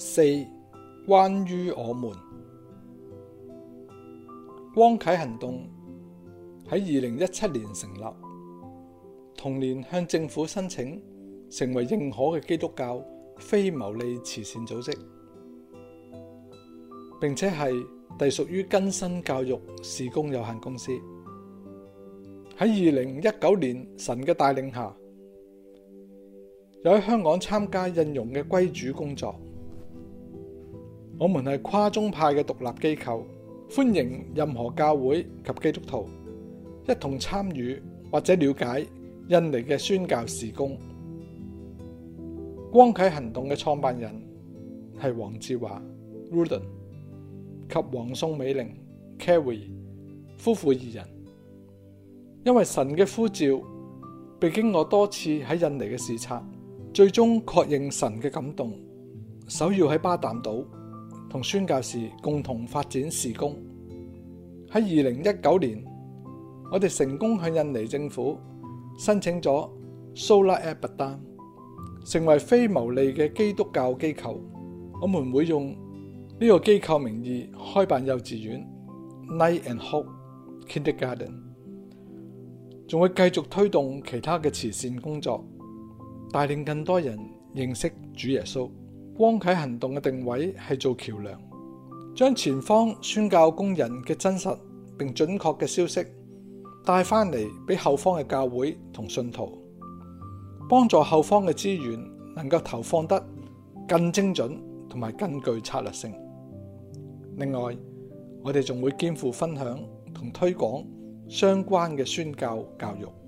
四、關於我們，汪啟行動喺二零一七年成立，同年向政府申請成為認可嘅基督教非牟利慈善組織，並且係隸屬於更新教育事工有限公司。喺二零一九年，神嘅帶領下，有喺香港參加印傭嘅歸主工作。我們係跨宗派嘅獨立機構，歡迎任何教會及基督徒一同參與或者了解印尼嘅宣教事工。光啟行動嘅創辦人係黃志華 （Ruden） 及黃宋美玲 （Kerry） 夫婦二人，因為神嘅呼召，被經我多次喺印尼嘅視察，最終確認神嘅感動，首要喺巴淡島。同宣教士共同發展事工。喺二零一九年，我哋成功向印尼政府申請咗 Solar Abadan，成為非牟利嘅基督教機構。我們會用呢個機構名義開辦幼稚園 Night and Hope Kindergarten，仲會繼續推動其他嘅慈善工作，帶領更多人認識主耶穌。光啟行動嘅定位係做橋樑，將前方宣教工人嘅真實並準確嘅消息帶翻嚟俾後方嘅教會同信徒，幫助後方嘅資源能夠投放得更精準同埋更具策略性。另外，我哋仲會肩負分享同推廣相關嘅宣教教育。